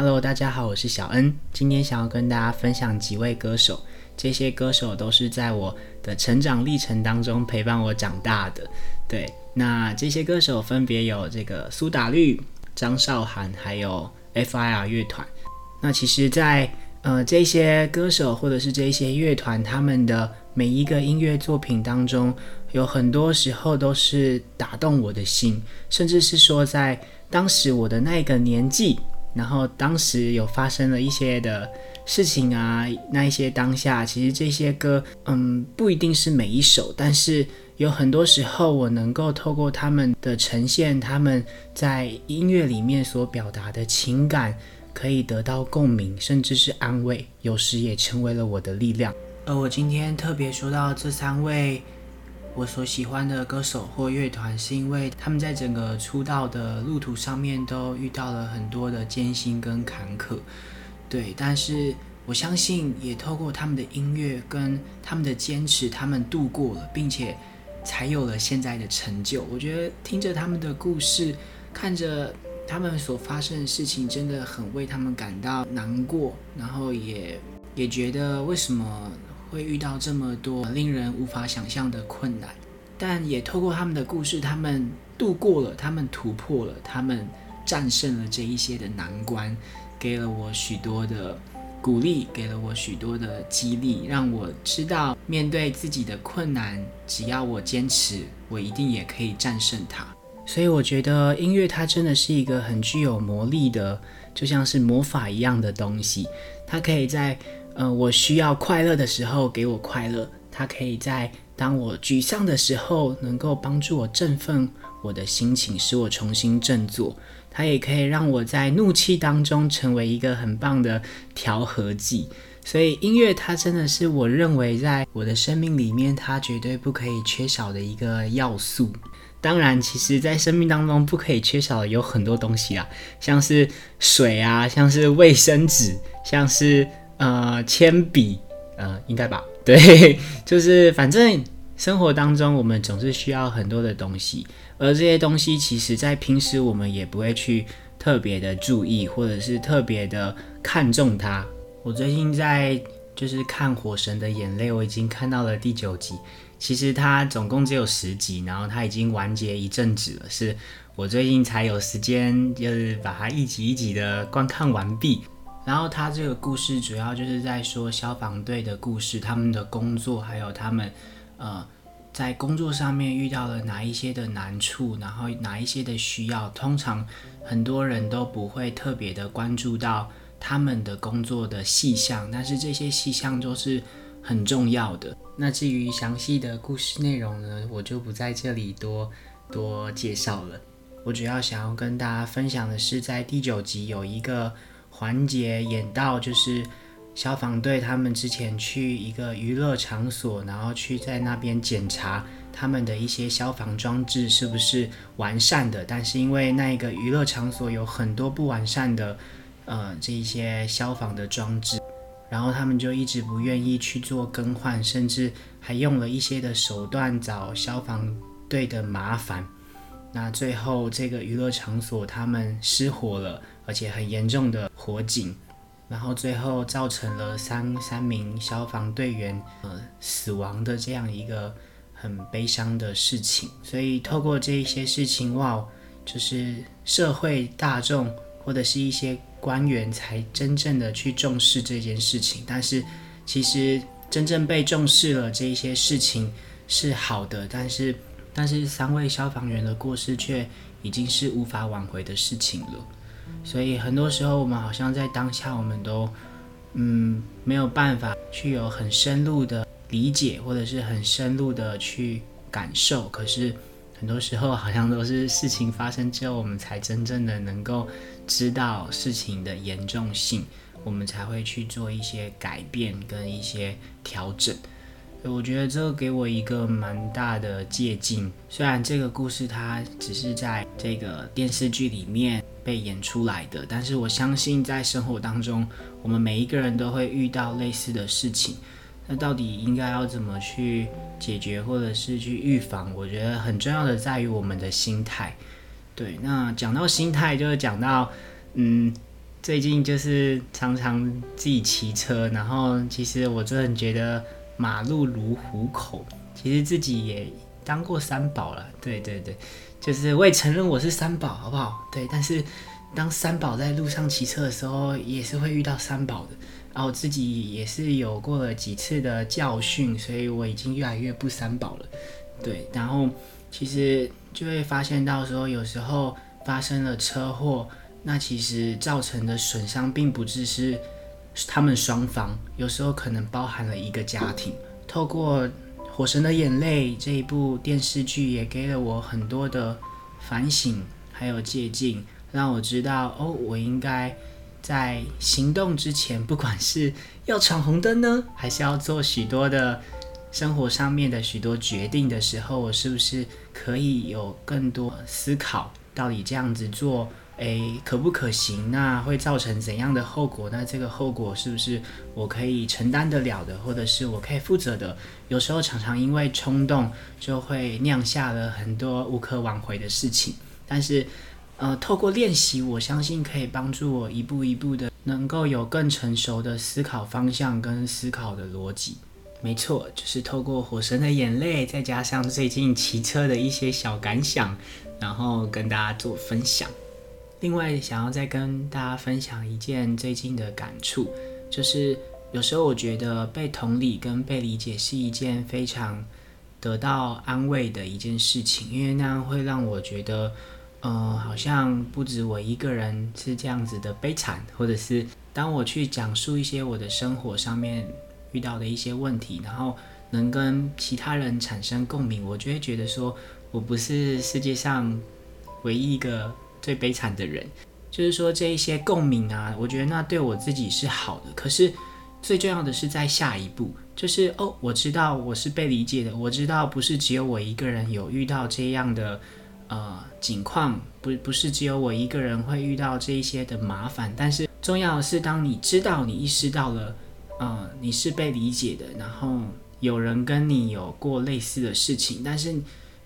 Hello，大家好，我是小恩。今天想要跟大家分享幾位歌手，這些歌手都是在我的成長歷程當中陪伴我長大的。對，那這些歌手分別有這個蘇打綠、張韶涵，還有 FIR 樂團。那其實在，在呃這些歌手或者是這些樂團他們的每一個音樂作品當中，有很多時候都是打動我的心，甚至是說在當時我的那個年紀。然後當時有發生了一些的事情啊，那一些當下，其實這些歌，嗯，不一定是每一首，但是有很多時候我能夠透過他們的呈現，他們在音樂裡面所表達的情感，可以得到共鳴，甚至是安慰，有時也成為了我的力量。而我今天特別說到這三位我所喜歡的歌手或樂團，是因為他們在整個出道的路途上面都遇到了很多的艱辛跟坎坷，對，但是我相信也透過他們的音樂跟他們的堅持，他們度過了，並且才有了現在的成就。我覺得聽着他們的故事，看着他們所發生的事情，真的很為他們感到難過，然後也也覺得為什麼。會遇到這麼多令人無法想象的困難，但也透過他們的故事，他們度過了，他們突破了，他們戰勝了這一些的難關，給了我許多的鼓勵，給了我許多的激勵，讓我知道面對自己的困難，只要我堅持，我一定也可以戰勝它。所以我覺得音樂它真的是一個很具有魔力的，就像是魔法一樣的東西，它可以在。嗯、呃，我需要快樂的時候給我快樂，它可以在當我沮喪的時候能夠幫助我振奮我的心情，使我重新振作。它也可以讓我在怒氣當中成為一個很棒的調和劑。所以音樂它真的是我認為在我的生命裡面，它絕對不可以缺少的一個要素。當然，其實，在生命當中不可以缺少有很多東西啊，像是水啊，像是衛生紙，像是。呃，鉛筆，呃，應該吧，對，就是反正生活當中我們總是需要很多的東西，而這些東西其實在平時我們也不會去特別的注意，或者是特別的看重它。我最近在就是看《火神的眼淚》，我已經看到了第九集，其實它總共只有十集，然後它已經完結一陣子了，是我最近才有時間就是把它一集一集的觀看完畢。然後他這個故事主要就是在說消防隊的故事，他們的工作，還有他們，呃，在工作上面遇到了哪一些的難處，然後哪一些的需要，通常很多人都不會特別的關注到他們的工作的細項，但是這些細項都是很重要的。那至於詳細的故事內容呢，我就不在這裡多多介紹了。我主要想要跟大家分享的是，在第九集有一個。環節演到就是消防隊他們之前去一個娛樂場所，然後去在那邊檢查他們的一些消防裝置是不是完善的。但是因為那個娛樂場所有很多不完善的，呃，這一些消防的裝置，然後他們就一直不願意去做更換，甚至還用了一些的手段找消防隊的麻煩。那最後這個娛樂場所他們失火了。而且很嚴重的火警，然後最後造成了三三名消防隊員呃死亡的這樣一個很悲傷的事情。所以透過這一些事情哇、哦，就是社會大眾或者是一些官員才真正的去重視這件事情。但是其實真正被重視了這一些事情是好的，但是但是三位消防員的過世卻已經是無法挽回的事情了。所以很多時候，我們好像在當下，我們都，嗯，沒有辦法去有很深入的理解，或者是很深入的去感受。可是很多時候，好像都是事情發生之後，我們才真正的能夠知道事情的嚴重性，我們才會去做一些改變跟一些調整。我覺得這給我一個蠻大的借鏡。雖然這個故事它只是在這個電視劇裡面被演出來的，但是我相信在生活當中，我們每一個人都會遇到類似的事情。那到底應該要怎麼去解決，或者是去預防？我覺得很重要的在於我們的心態。對，那講到心態，就是講到，嗯，最近就是常常自己騎車，然後其實我真的覺得。馬路如虎口，其實自己也當過三寶了，對對對，就是我也承認我是三寶，好不好？對，但是當三寶在路上騎車的時候，也是會遇到三寶的，然後自己也是有過了幾次的教訓，所以我已經越來越不三寶了，對。然後其實就會發現到說，有時候發生了車禍，那其實造成的損傷並不只是。他們雙方有時候可能包含了一個家庭。透過《火神的眼淚》這一部電視劇，也給了我很多的反省，還有借鑑，讓我知道哦，我應該在行動之前，不管是要闖紅燈呢，還是要做許多的生活上面的許多決定的時候，我是不是可以有更多思考，到底這樣子做，誒，可不可行？那會造成怎樣的後果？那這個後果是不是我可以承擔得了的，或者是我可以負責的？有時候常常因為衝動，就會釀下了很多無可挽回的事情。但是，呃，透過練習，我相信可以幫助我一步一步的，能夠有更成熟的思考方向跟思考的邏輯。沒錯，就是透過《火神的眼淚》，再加上最近騎車的一些小感想，然後跟大家做分享。另外，想要再跟大家分享一件最近的感觸，就是有時候我覺得被同理跟被理解是一件非常得到安慰的一件事情，因為那樣會讓我覺得，嗯、呃，好像不止我一個人是這樣子的悲慘，或者是當我去講述一些我的生活上面遇到的一些問題，然後能跟其他人產生共鳴，我就會覺得說，我不是世界上唯一一個，最悲慘的人，就是說這一些共鳴啊，我覺得那對我自己是好的。可是最重要的是在下一步，就是哦，我知道我是被理解的，我知道不是只有我一個人有遇到這樣的呃情況，不不是只有我一個人會遇到這一些的麻煩。但是重要的是，當你知道你意識到了，嗯、呃，你是被理解的，然後有人跟你有過類似的事情，但是。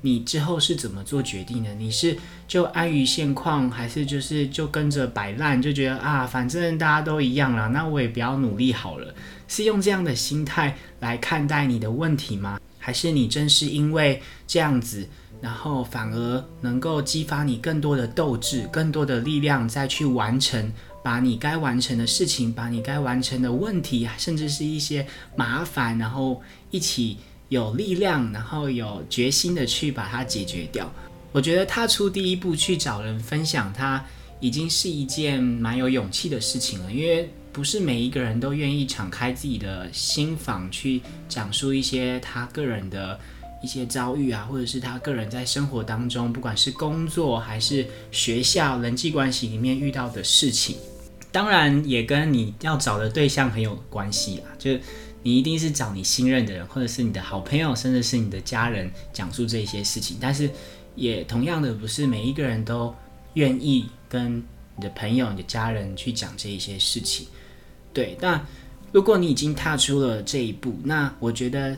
你之後是怎麼做決定的？你是就安於現況，還是就是就跟着擺爛，就覺得啊，反正大家都一樣了，那我也不要努力好了？是用這樣的心態來看待你的問題嗎？還是你正是因為這樣子，然後反而能夠激發你更多的鬥志、更多的力量，再去完成把你該完成的事情，把你該完成的問題，甚至是一些麻煩，然後一起。有力量，然後有決心的去把它解決掉。我覺得踏出第一步去找人分享，他已經是一件蠻有勇氣的事情了。因為不是每一個人都願意敞開自己的心房去講述一些他個人的一些遭遇啊，或者是他個人在生活當中，不管是工作還是學校、人際關係裡面遇到的事情。當然也跟你要找的對象很有關係啊。就你一定是找你信任的人，或者是你的好朋友，甚至是你的家人講述這些事情。但是，也同樣的，不是每一個人都願意跟你的朋友、你的家人去講這一些事情。對，那如果你已經踏出了這一步，那我覺得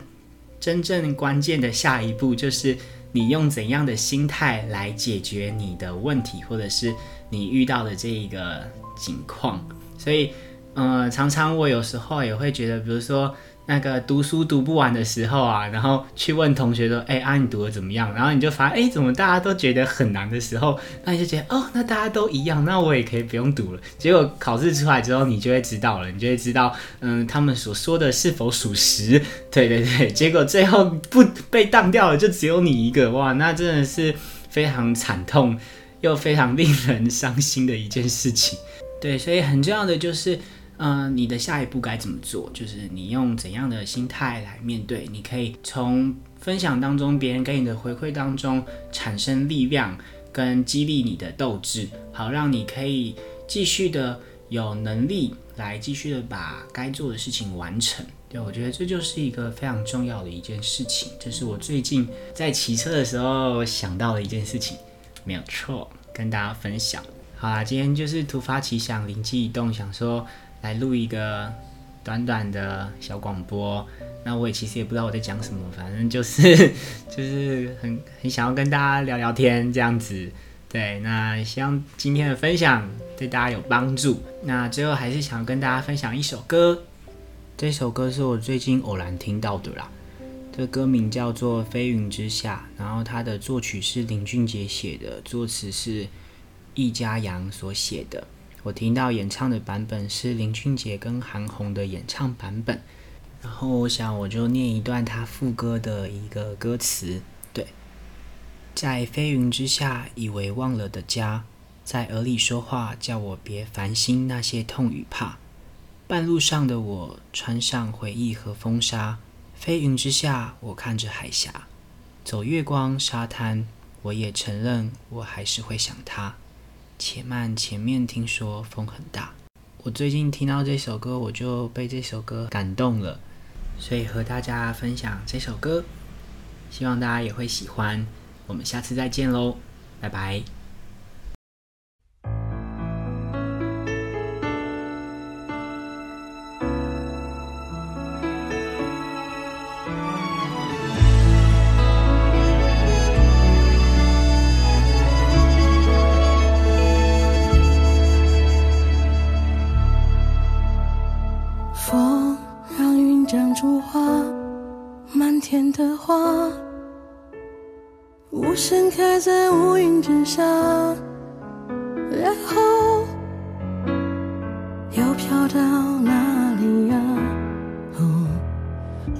真正關鍵的下一步就是你用怎樣的心態來解決你的問題，或者是你遇到的這一個情況。所以，嗯，常常我有時候也會覺得，比如說那個讀書讀不完的時候啊，然後去問同學說：“哎，啊，你讀得怎麼樣？”然後你就發現：“哎，怎麼大家都覺得很難的時候？”那你就覺得：“哦，那大家都一樣，那我也可以不用讀了。”結果考試出來之後，你就會知道了，你就會知道，嗯，他們所說的是否屬實？對對對，結果最後不被當掉的就只有你一個，哇，那真的是非常慘痛又非常令人傷心的一件事情。對，所以很重要的就是。嗯、呃，你的下一步該怎麼做？就是你用怎樣的心態來面對？你可以從分享當中，別人給你的回饋當中產生力量，跟激勵你的鬥志，好，讓你可以繼續的有能力來繼續的把該做的事情完成。對，我覺得這就是一個非常重要的一件事情，這、就是我最近在騎車的時候想到的一件事情，沒有錯，跟大家分享。好啦，今天就是突發奇想，靈機一動，想說。來錄一個短短的小廣播，那我也其實也不知道我在講什麼，反正就是就是很很想要跟大家聊聊天這樣子。對，那希望今天的分享對大家有幫助。那最後還是想要跟大家分享一首歌，這首歌是我最近偶然聽到的啦。這歌名叫做《飛雲之下》，然後它的作曲是林俊杰寫的，作詞是易家揚所寫的。我聽到演唱的版本是林俊傑跟韓紅的演唱版本，然後我想我就念一段他副歌的一個歌詞，對，在飛雲之下，以為忘了的家，在耳裡說話，叫我別煩心那些痛與怕。半路上的我，穿上回憶和風沙。飛雲之下，我看着海峽，走月光沙灘，我也承認，我還是會想他。且慢，前面聽說風很大。我最近聽到這首歌，我就被這首歌感動了，所以和大家分享這首歌，希望大家也會喜歡。我們下次再見嘍，拜拜！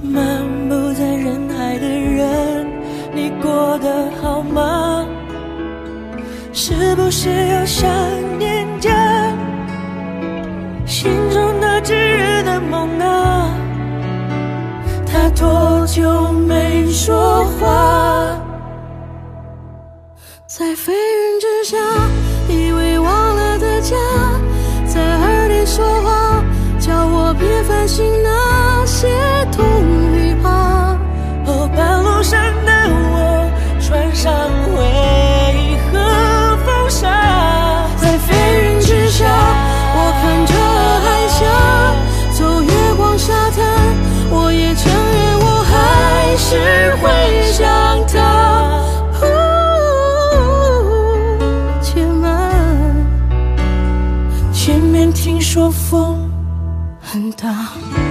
漫步在人海的人，你過得好嗎？是不是又想念家？心中那炙熱的夢啊，它多久沒說話？在飛。真的。